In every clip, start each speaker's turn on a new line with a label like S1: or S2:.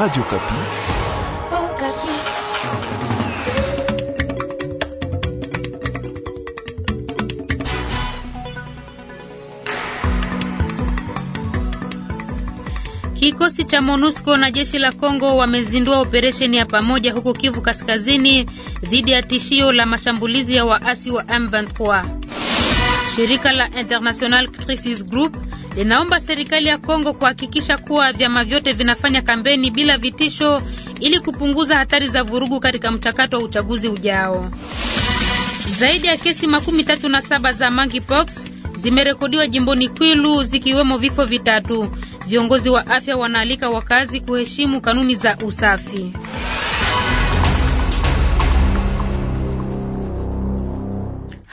S1: Radio Okapi. Oh,
S2: Kikosi cha MONUSCO na jeshi la Kongo wamezindua operesheni ya pamoja huko Kivu Kaskazini dhidi ya tishio la mashambulizi ya waasi wa M23. Shirika la International Crisis Group linaomba serikali ya Kongo kuhakikisha kuwa vyama vyote vinafanya kampeni bila vitisho ili kupunguza hatari za vurugu katika mchakato wa uchaguzi ujao. Zaidi ya kesi makumi tatu na saba za monkeypox zimerekodiwa jimboni Kwilu zikiwemo vifo vitatu. Viongozi wa afya wanaalika wakazi kuheshimu kanuni za usafi.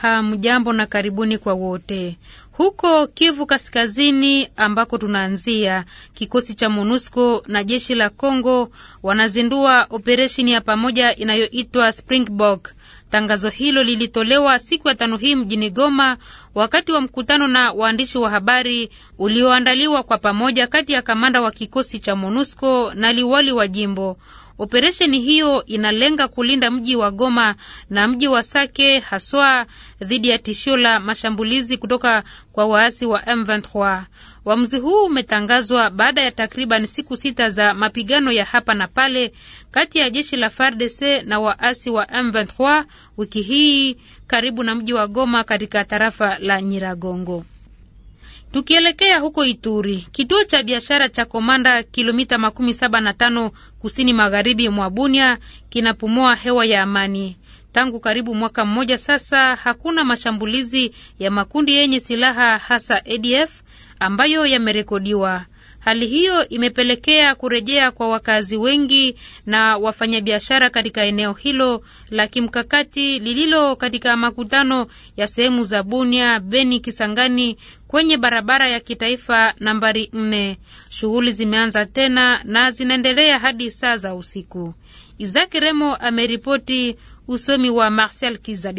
S2: Hamjambo na karibuni kwa wote. Huko Kivu Kaskazini ambako tunaanzia, kikosi cha MONUSCO na jeshi la Congo wanazindua operesheni ya pamoja inayoitwa Springbok. Tangazo hilo lilitolewa siku ya tano hii mjini Goma wakati wa mkutano na waandishi wa habari ulioandaliwa kwa pamoja kati ya kamanda wa kikosi cha MONUSCO na liwali wa jimbo. Operesheni hiyo inalenga kulinda mji wa Goma na mji wa Sake haswa dhidi ya tishio la mashambulizi kutoka kwa waasi wa M23. Uamuzi huu umetangazwa baada ya takriban siku sita za mapigano ya hapa na pale kati ya jeshi la FARDC na waasi wa M23 wiki hii karibu na mji wa Goma katika tarafa la Nyiragongo. Tukielekea huko Ituri, kituo cha biashara cha Komanda, kilomita makumi saba na tano kusini magharibi mwa Bunia, kinapumua hewa ya amani. Tangu karibu mwaka mmoja sasa, hakuna mashambulizi ya makundi yenye silaha hasa ADF ambayo yamerekodiwa. Hali hiyo imepelekea kurejea kwa wakazi wengi na wafanyabiashara katika eneo hilo la kimkakati lililo katika makutano ya sehemu za Bunia, Beni, Kisangani kwenye barabara ya kitaifa nambari nne. Shughuli zimeanza tena na zinaendelea hadi saa za usiku. Izaki Remo ameripoti Usomi wa Marcel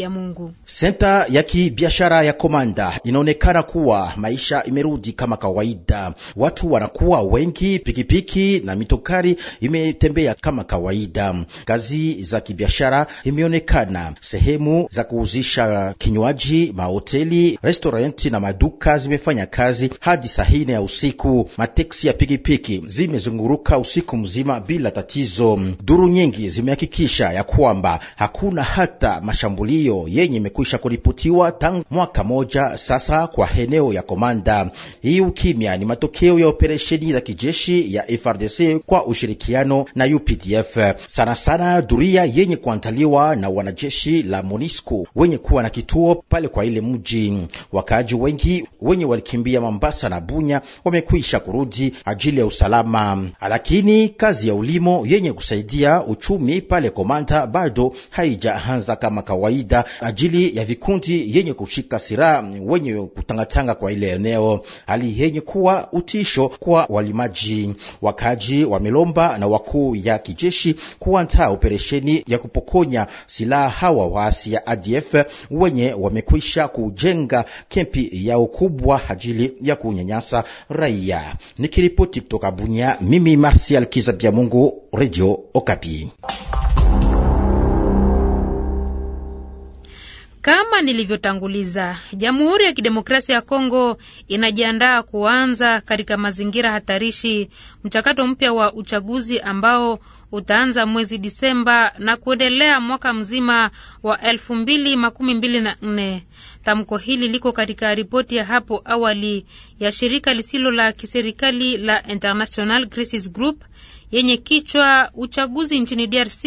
S2: Mungu.
S3: Senta ya kibiashara ya Komanda inaonekana kuwa maisha imerudi kama kawaida, watu wanakuwa wengi, pikipiki na mitokari imetembea kama kawaida. Kazi za kibiashara imeonekana, sehemu za kuuzisha kinywaji, mahoteli, restoranti na maduka zimefanya kazi hadi saa ya usiku. Mateksi ya pikipiki zimezunguruka usiku mzima bila tatizo. Duru nyingi zimehakikisha ya kwamba hakuna hata mashambulio yenye imekwisha kuripotiwa tangu mwaka moja sasa kwa eneo ya Komanda. Hii ukimya ni matokeo ya operesheni za kijeshi ya FRDC kwa ushirikiano na UPDF, sana sana duria yenye kuandaliwa na wanajeshi la MONUSCO wenye kuwa na kituo pale kwa ile mji. Wakaaji wengi wenye walikimbia Mambasa na Bunya wamekwisha kurudi ajili ya usalama, lakini kazi ya ulimo yenye kusaidia uchumi pale Komanda bado haijaanza kama kawaida ajili ya vikundi yenye kushika silaha wenye kutangatanga kwa ile eneo, hali yenye kuwa utisho kwa walimaji. Wakaji wamelomba na wakuu ya kijeshi kuandaa operesheni ya kupokonya silaha hawa waasi ya ADF wenye wamekwisha kujenga kempi yao kubwa ajili ya kunyanyasa raia. Nikiripoti kutoka Bunya, mimi Martial Kizabia Mungu, Radio Okapi.
S2: Kama nilivyotanguliza, Jamhuri ya Kidemokrasia ya Kongo inajiandaa kuanza katika mazingira hatarishi mchakato mpya wa uchaguzi ambao utaanza mwezi Disemba na kuendelea mwaka mzima wa elfu mbili makumi mbili na nne. Tamko hili liko katika ripoti ya hapo awali ya shirika lisilo la kiserikali la International Crisis Group yenye kichwa uchaguzi nchini DRC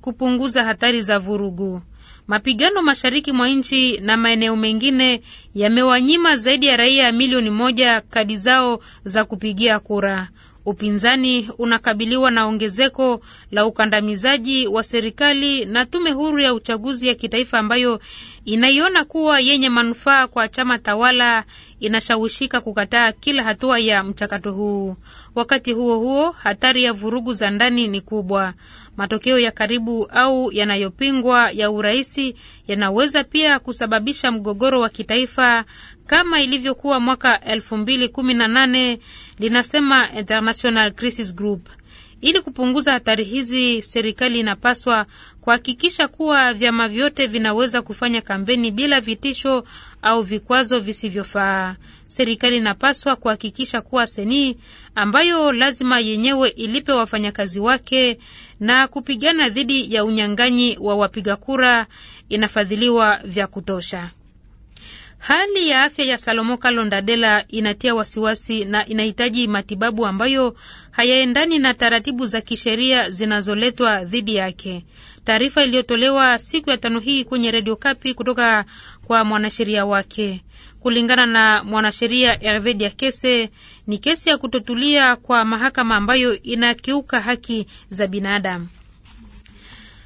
S2: kupunguza hatari za vurugu. Mapigano mashariki mwa nchi na maeneo mengine yamewanyima zaidi ya raia milioni moja kadi zao za kupigia kura. Upinzani unakabiliwa na ongezeko la ukandamizaji wa serikali na tume huru ya uchaguzi ya kitaifa ambayo inaiona kuwa yenye manufaa kwa chama tawala inashawishika kukataa kila hatua ya mchakato huu. Wakati huo huo, hatari ya vurugu za ndani ni kubwa matokeo ya karibu au yanayopingwa ya uraisi yanaweza pia kusababisha mgogoro wa kitaifa kama ilivyokuwa mwaka 2018 linasema International Crisis Group. Ili kupunguza hatari hizi, serikali inapaswa kuhakikisha kuwa vyama vyote vinaweza kufanya kampeni bila vitisho au vikwazo visivyofaa. Serikali inapaswa kuhakikisha kuwa seni ambayo lazima yenyewe ilipe wafanyakazi wake na kupigana dhidi ya unyang'anyi wa wapiga kura inafadhiliwa vya kutosha. Hali ya afya ya Salomo Kalondadela inatia wasiwasi na inahitaji matibabu ambayo hayaendani na taratibu za kisheria zinazoletwa dhidi yake. Taarifa iliyotolewa siku ya tano hii kwenye redio Kapi kutoka kwa mwanasheria wake. Kulingana na mwanasheria Herve Diakese, ni kesi ya kutotulia kwa mahakama ambayo inakiuka haki za binadamu.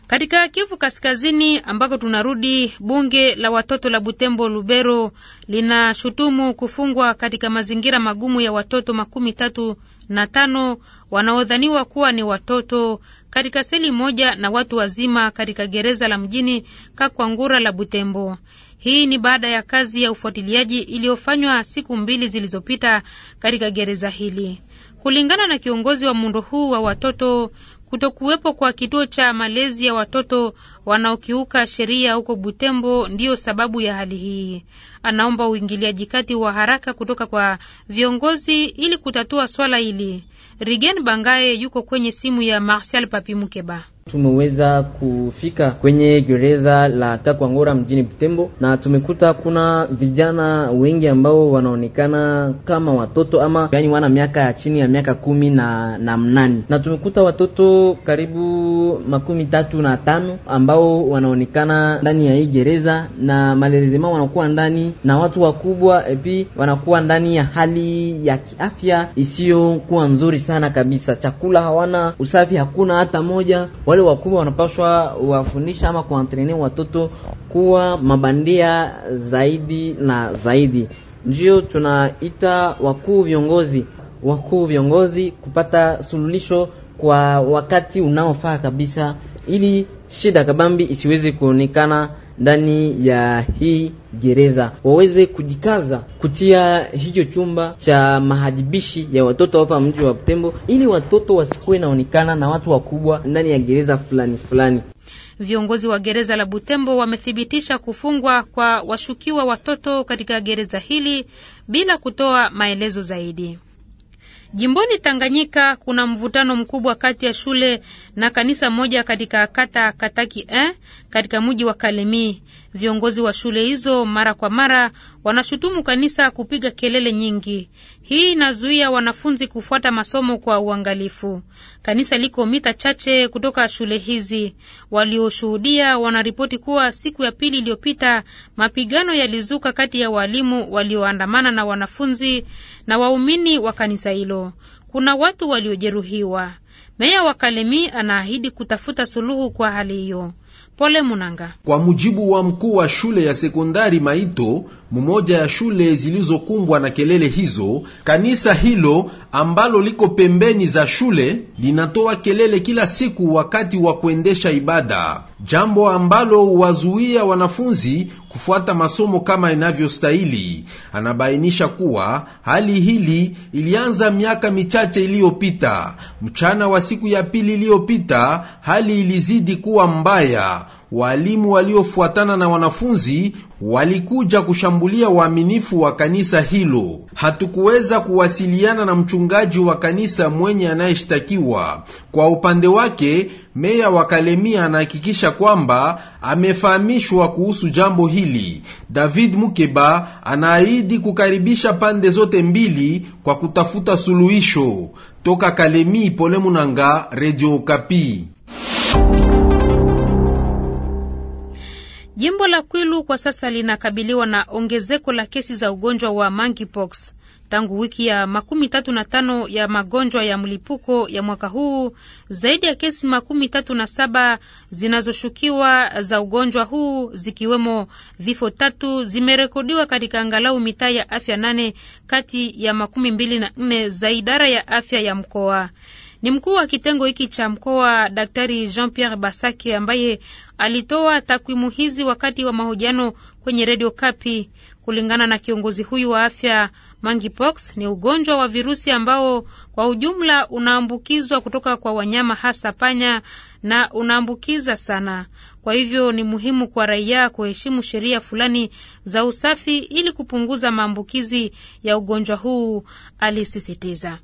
S2: Katika Kivu Kaskazini ambako tunarudi, bunge la watoto la Butembo Lubero linashutumu kufungwa katika mazingira magumu ya watoto makumi tatu na tano wanaodhaniwa kuwa ni watoto katika seli moja na watu wazima katika gereza la mjini Kakwangura la Butembo. Hii ni baada ya kazi ya ufuatiliaji iliyofanywa siku mbili zilizopita katika gereza hili. Kulingana na kiongozi wa muundo huu wa watoto, kutokuwepo kwa kituo cha malezi ya watoto wanaokiuka sheria huko Butembo ndiyo sababu ya hali hii. Anaomba uingiliaji kati wa haraka kutoka kwa viongozi ili kutatua swala hili. Rigen bangae yuko kwenye simu ya Marcel Papi Mukeba.
S1: Tumeweza kufika kwenye gereza la Kakwangora mjini Butembo, na tumekuta kuna vijana wengi ambao wanaonekana kama watoto ama yani wana miaka ya chini ya miaka kumi na, na mnane, na tumekuta watoto karibu makumi tatu na tano ambao wanaonekana ndani ya hii gereza, na malerezema wanakuwa ndani na watu wakubwa, epi wanakuwa ndani ya hali ya kiafya isiyokuwa nzuri sana kabisa. Chakula hawana, usafi hakuna hata moja wale wakubwa wanapaswa wafundisha ama kuantrene watoto kuwa mabandia zaidi na zaidi. Ndio tunaita wakuu viongozi, wakuu viongozi kupata suluhisho kwa wakati unaofaa kabisa, ili shida kabambi isiwezi kuonekana ndani ya hii gereza waweze kujikaza kutia hicho chumba cha mahadibishi ya watoto hapa mji wa Butembo, ili watoto wasikuwe naonekana na watu wakubwa ndani ya gereza fulani fulani.
S2: Viongozi wa gereza la Butembo wamethibitisha kufungwa kwa washukiwa watoto katika gereza hili bila kutoa maelezo zaidi. Jimboni Tanganyika kuna mvutano mkubwa kati ya shule na kanisa moja katika kata Kataki 1 eh, katika mji wa Kalemi. Viongozi wa shule hizo mara kwa mara wanashutumu kanisa kupiga kelele nyingi. Hii inazuia wanafunzi kufuata masomo kwa uangalifu. Kanisa liko mita chache kutoka shule hizi. Walioshuhudia wanaripoti kuwa siku ya pili iliyopita mapigano yalizuka kati ya walimu walioandamana na wanafunzi na waumini wa kanisa hilo. Kuna watu waliojeruhiwa. Meya wa Kalemi anaahidi kutafuta suluhu kwa hali hiyo. Pole Munanga.
S4: Kwa mujibu wa mkuu wa shule ya sekondari Maito, mmoja ya shule zilizokumbwa na kelele hizo, kanisa hilo ambalo liko pembeni za shule linatoa kelele kila siku wakati wa kuendesha ibada, jambo ambalo huwazuia wanafunzi kufuata masomo kama inavyostahili. Anabainisha kuwa hali hili ilianza miaka michache iliyopita. Mchana wa siku ya pili iliyopita, hali ilizidi kuwa mbaya walimu waliofuatana na wanafunzi walikuja kushambulia waaminifu wa kanisa hilo. Hatukuweza kuwasiliana na mchungaji wa kanisa mwenye anayeshtakiwa. Kwa upande wake, meya wa Kalemia anahakikisha kwamba amefahamishwa kuhusu jambo hili. David Mukeba anaahidi kukaribisha pande zote mbili kwa kutafuta suluhisho. Toka Kalemi, Pole Munanga, Radio Kapi.
S2: Jimbo la Kwilu kwa sasa linakabiliwa na ongezeko la kesi za ugonjwa wa monkeypox tangu wiki ya makumi tatu na tano ya magonjwa ya mlipuko ya mwaka huu. Zaidi ya kesi makumi tatu na saba zinazoshukiwa za ugonjwa huu zikiwemo vifo tatu zimerekodiwa katika angalau mitaa ya afya nane kati ya makumi mbili na nne za idara ya afya ya mkoa. Ni mkuu wa kitengo hiki cha mkoa Daktari Jean Pierre Basake ambaye alitoa takwimu hizi wakati wa mahojiano kwenye redio Kapi. Kulingana na kiongozi huyu wa afya, monkeypox ni ugonjwa wa virusi ambao kwa ujumla unaambukizwa kutoka kwa wanyama, hasa panya, na unaambukiza sana. Kwa hivyo ni muhimu kwa raia kuheshimu sheria fulani za usafi ili kupunguza maambukizi ya ugonjwa huu, alisisitiza.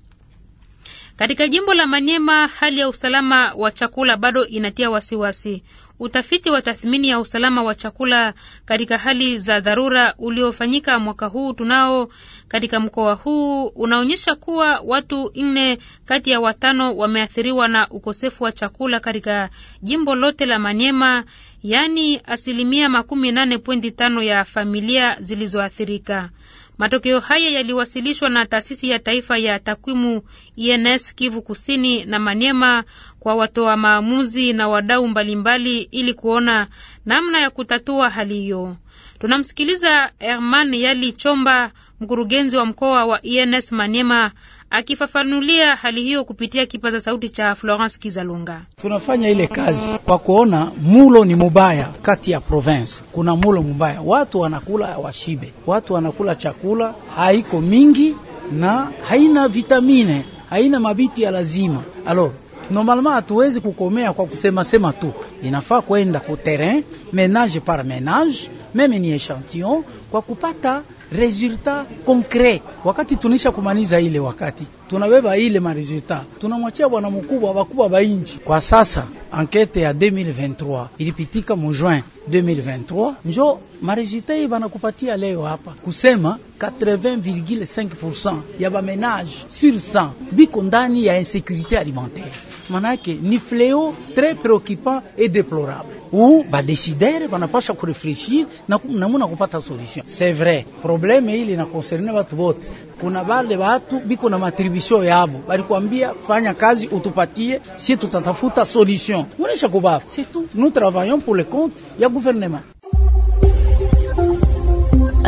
S2: Katika jimbo la manyema hali ya usalama wa chakula bado inatia wasiwasi. Utafiti wa tathmini ya usalama wa chakula katika hali za dharura uliofanyika mwaka huu tunao katika mkoa huu unaonyesha kuwa watu nne kati ya watano wameathiriwa na ukosefu wa chakula katika jimbo lote la Manyema, yaani asilimia makumi nane pointi tano ya familia zilizoathirika. Matokeo haya yaliwasilishwa na taasisi ya taifa ya takwimu INS e Kivu Kusini na Maniema kwa watoa maamuzi na wadau mbalimbali ili kuona namna ya kutatua hali hiyo. Tunamsikiliza Herman Yali Chomba, mkurugenzi wa mkoa wa INS Maniema akifafanulia hali hiyo kupitia kipaza sauti cha Florence Kizalunga.
S5: Tunafanya ile kazi kwa kuona mulo ni mubaya kati ya province. Kuna mulo mubaya, watu wanakula washibe, watu wanakula chakula haiko mingi na haina vitamine, haina mabitu ya lazima. Alo, Normalement hatuwezi kukomea kwa kusema sema tu, inafaa kwenda ku terrain menage par menage, meme ni echantillon, kwa kupata resultat concret, wakati tunisha kumaliza ile wakati tunabeba ile maresultat, tunamwachia bwana mkubwa wakubwa bainji. Kwa sasa ankete ya 2023 ilipitika juin 2023, njo maresultat hii banakupatia leo hapa kusema 80,5% ya ménages sur 100 biko ndani ya insécurité alimentaire manake ni fleo tres preoccupant e deplorable, où badesidere banapasha kureflechir namuna kupata solution. C'est vrai probleme eh, ili na concerne watu wote. Kuna bale batu biko na matribisho yabo, balikwambia fanya kazi utupatie, si tutatafuta solution, munesha kubaba. C'est tout, nous travaillons pour le compte ya gouvernement.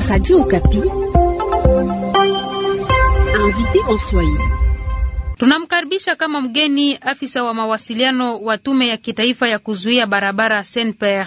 S5: Radio Okapi invité en Swahili
S2: Tunamkaribisha kama mgeni afisa wa mawasiliano wa tume ya kitaifa ya kuzuia barabara Senper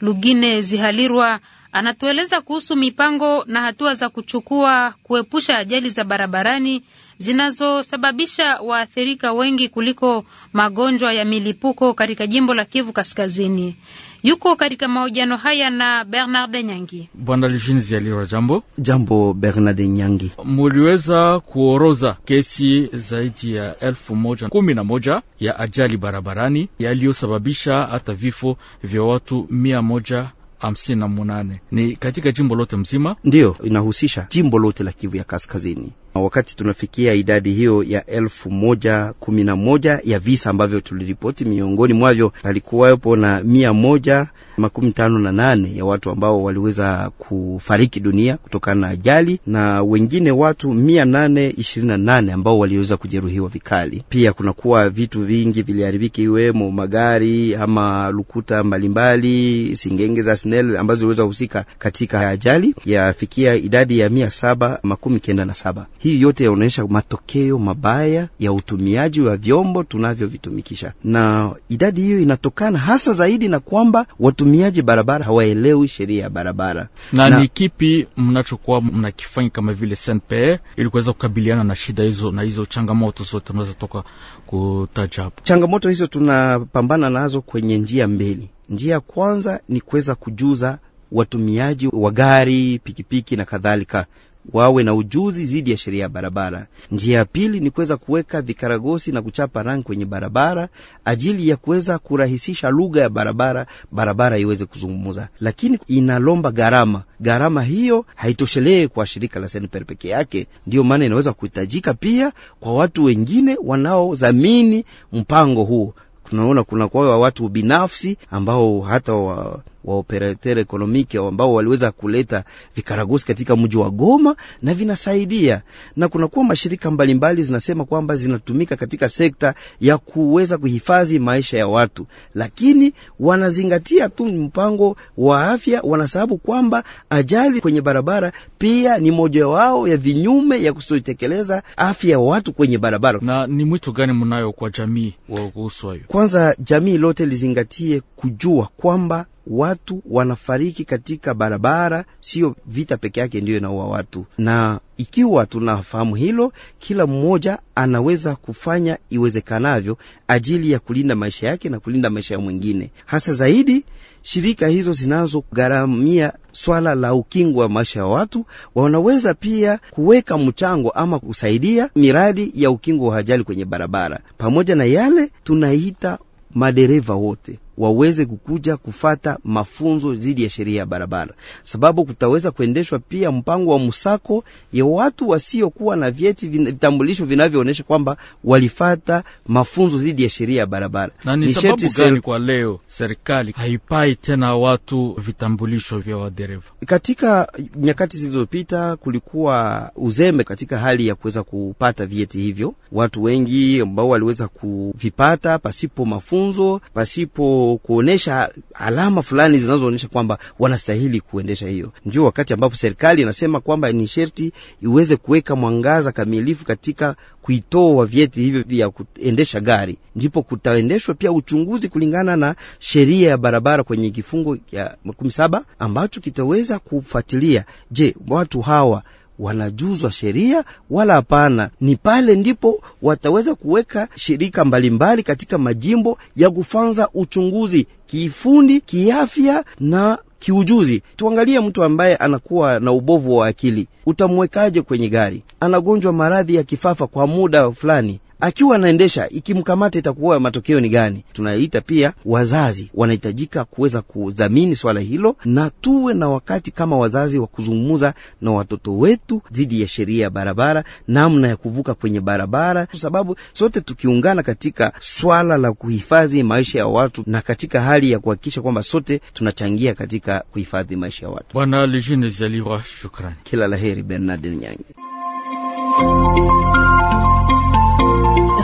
S2: Lugine Zihalirwa anatueleza kuhusu mipango na hatua za kuchukua kuepusha ajali za barabarani zinazosababisha waathirika wengi kuliko magonjwa ya milipuko katika jimbo la Kivu Kaskazini. Yuko katika mahojiano haya na Bernard Nyangi.
S3: Bwana Lishinzi aliro
S6: jambo. Jambo Bernard Nyangi.
S3: Muliweza kuoroza kesi zaidi ya elfu moja kumi na moja ya ajali barabarani yaliyosababisha hata vifo vya watu mia moja hamsini na munane ni katika jimbo lote mzima,
S6: ndiyo inahusisha jimbo lote la Kivu ya Kaskazini wakati tunafikia idadi hiyo ya elfu moja kumi na moja ya visa ambavyo tuliripoti, miongoni mwavyo palikuwapo na mia moja makumi tano na nane ya watu ambao waliweza kufariki dunia kutokana na ajali na wengine watu mia nane ishirini na nane ambao waliweza kujeruhiwa vikali. Pia kunakuwa vitu vingi viliharibika, iwemo magari ama lukuta mbalimbali, singenge za SNEL ambazo ziliweza kuhusika katika ajali, yafikia idadi ya mia saba makumi kenda na saba. Hii yote yaonyesha matokeo mabaya ya utumiaji wa vyombo tunavyovitumikisha, na idadi hiyo inatokana hasa zaidi na kwamba watumiaji barabara hawaelewi sheria ya barabara. Na, na ni
S3: kipi mnachokuwa mnakifanya kama vile SNPR ili kuweza kukabiliana na shida hizo na hizo changamoto zote mnaweza toka kutaja hapo?
S6: Changamoto hizo tunapambana nazo kwenye njia mbili. Njia ya kwanza ni kuweza kujuza watumiaji wa gari, pikipiki na kadhalika wawe na ujuzi zidi ya sheria ya barabara. Njia ya pili ni kuweza kuweka vikaragosi na kuchapa rangi kwenye barabara ajili ya kuweza kurahisisha lugha ya barabara, barabara iweze kuzungumza, lakini inalomba gharama. Gharama hiyo haitoshelee kwa shirika la Senper peke yake, ndiyo maana inaweza kuhitajika pia kwa watu wengine wanaodhamini mpango huo. Tunaona kuna kwa watu binafsi ambao hata wa wa operateur ekonomike ambao waliweza kuleta vikaragosi katika mji wa Goma na vinasaidia, na kunakuwa mashirika mbalimbali mbali zinasema kwamba zinatumika katika sekta ya kuweza kuhifadhi maisha ya watu, lakini wanazingatia tu mpango wa afya, wanasababu kwamba ajali kwenye barabara pia ni moja wao ya vinyume ya kusotekeleza afya ya watu kwenye barabara. Na ni mwito gani mnayo kwa jamii wa kuhusu hayo? Kwanza jamii lote lizingatie kujua kwamba watu wanafariki katika barabara. Sio vita peke yake ndiyo inaua watu, na ikiwa tunafahamu hilo, kila mmoja anaweza kufanya iwezekanavyo ajili ya kulinda maisha yake na kulinda maisha ya mwingine, hasa zaidi shirika hizo zinazogharamia swala la ukingo wa maisha ya watu wanaweza pia kuweka mchango ama kusaidia miradi ya ukingo wa ajali kwenye barabara, pamoja na yale tunaita madereva wote waweze kukuja kufata mafunzo dhidi ya sheria ya barabara, sababu kutaweza kuendeshwa pia mpango wa msako ya watu wasiokuwa na vyeti vitambulisho vinavyoonyesha kwamba walifata mafunzo dhidi ya sheria ya barabara. Na ni sababu gani kwa
S3: leo serikali haipai tena watu vitambulisho vya wadereva?
S6: Katika nyakati zilizopita kulikuwa uzembe katika hali ya kuweza kupata vyeti hivyo, watu wengi ambao waliweza kuvipata pasipo mafunzo pasipo kuonesha alama fulani zinazoonyesha kwamba wanastahili kuendesha hiyo. Ndio wakati ambapo serikali inasema kwamba ni sherti iweze kuweka mwangaza kamilifu katika kuitoa vyeti hivyo vya kuendesha gari, ndipo kutaendeshwa pia uchunguzi kulingana na sheria ya barabara kwenye kifungo ya makumi saba ambacho kitaweza kufuatilia, je, watu hawa wanajuzwa sheria wala hapana. Ni pale ndipo wataweza kuweka shirika mbalimbali katika majimbo ya kufanza uchunguzi kifundi, kiafya na kiujuzi. Tuangalie mtu ambaye anakuwa na ubovu wa akili, utamwekaje kwenye gari? Anagonjwa maradhi ya kifafa kwa muda fulani, akiwa anaendesha, ikimkamata itakuwa matokeo ni gani? Tunaita pia wazazi wanahitajika kuweza kudhamini swala hilo, na tuwe na wakati kama wazazi wa kuzungumza na watoto wetu dhidi ya sheria ya barabara, namna ya kuvuka kwenye barabara, kwa sababu sote tukiungana katika swala la kuhifadhi maisha ya watu na katika hali ya kuhakikisha kwamba sote tunachangia katika kuhifadhi maisha ya watu. Bwana Lijine Zaliwa, shukrani, kila laheri. Bernard Nyange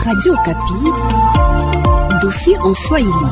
S2: Radio Capille dossier en Swahili.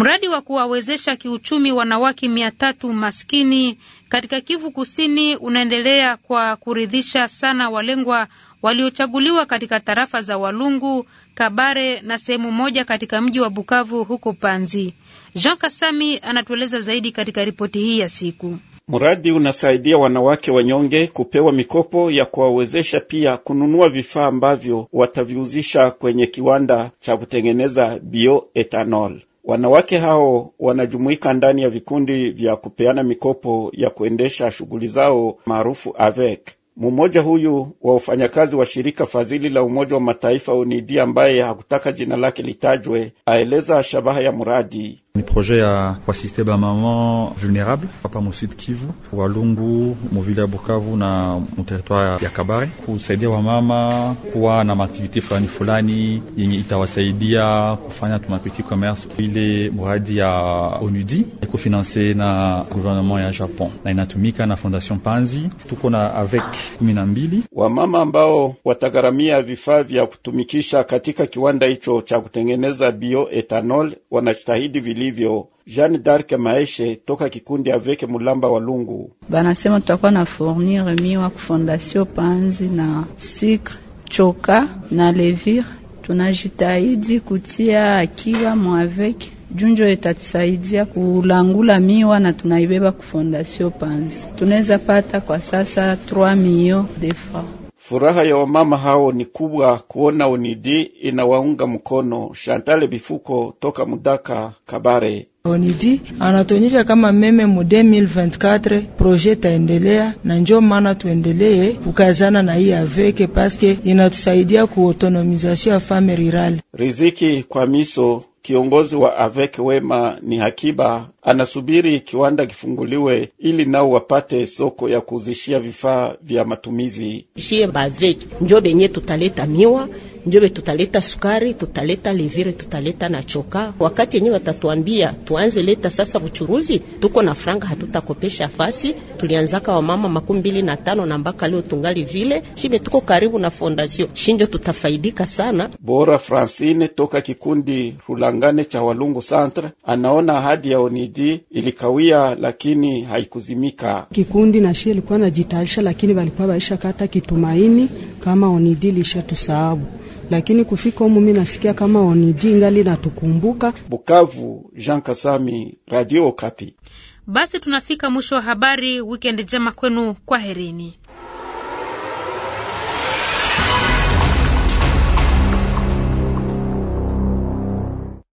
S2: Mradi wa kuwawezesha kiuchumi wanawake mia tatu maskini katika Kivu Kusini unaendelea kwa kuridhisha sana walengwa waliochaguliwa katika tarafa za Walungu, Kabare na sehemu moja katika mji wa Bukavu huko Panzi. Jean Kasami anatueleza zaidi katika ripoti hii ya siku.
S7: Mradi unasaidia wanawake wanyonge kupewa mikopo ya kuwawezesha pia kununua vifaa ambavyo wataviuzisha kwenye kiwanda cha kutengeneza bioethanol. Wanawake hao wanajumuika ndani ya vikundi vya kupeana mikopo ya kuendesha shughuli zao maarufu AVEC. Mmoja huyu wa ufanyakazi wa shirika fadhili la Umoja wa Mataifa UNIDI, ambaye hakutaka jina lake litajwe, aeleza shabaha ya mradi.
S3: Ni proje ya kuasiste bamama vulnerable hapa musud Kivu, Walungu, muvile ya Bukavu na muteritware ya Kabare, kusaidia wamama kuwa na maaktivite fulani fulani yenye itawasaidia kufanya tumapetit commerce. Ile muradi ya ONUDI iko finanse na gouvernement ya Japon na inatumika na Fondation Panzi. Tuko na avec kumi na mbili
S7: wamama ambao watagharamia vifaa vya kutumikisha katika kiwanda hicho cha kutengeneza bioethanol, wanastahidi ilivyo. Jeanne Dark Maeshe toka kikundi Aveke Mulamba Lungu
S1: banasema tutakuwa na fournir miwa kufondasio panzi na sikre choka na levire. Tunajitahidi kutia akiba mwaveke junjo itatusaidia kulangula miwa na tunaibeba kufondasio panzi. Tunaweza pata kwa sasa 3 millions de francs
S7: Furaha ya wamama hao ni kubwa kuona Onidi inawaunga mkono. Chantal Bifuko toka Mudaka, Kabare.
S6: Onidi anatuonyesha kama meme mu 2024 proje taendelea, na njo maana tuendelee kukazana na hii aveke paske inatusaidia kuautonomizasio ya fame rirali.
S7: Riziki kwa miso kiongozi wa aveke wema ni hakiba anasubiri kiwanda kifunguliwe ili nao wapate soko ya kuuzishia vifaa vya matumizi.
S2: Shie bavetu njo benye tutaleta miwa, njo tutaleta sukari, tutaleta levire, tutaleta na choka. Wakati yenye watatuambia tuanze leta sasa uchuruzi, tuko na franga, hatutakopesha fasi. Tulianzaka wamama makumi mbili na tano na mpaka leo tungali vile shime, tuko karibu na fondasio shinjo, tutafaidika sana.
S7: Bora Francine toka kikundi Rulangane cha Walungu Centre anaona ahadi yao ni zaidi ilikawia, lakini haikuzimika.
S5: Kikundi na shi ilikuwa najitayarisha, lakini walikuwa waisha kata kitumaini kama onidi tusahabu, lakini kufika umu mimi nasikia kama oniji ngali natukumbuka.
S7: Bukavu, Jean Kasami, Radio Okapi.
S2: Basi tunafika mwisho wa habari. Wikendi njema kwenu, kwaherini.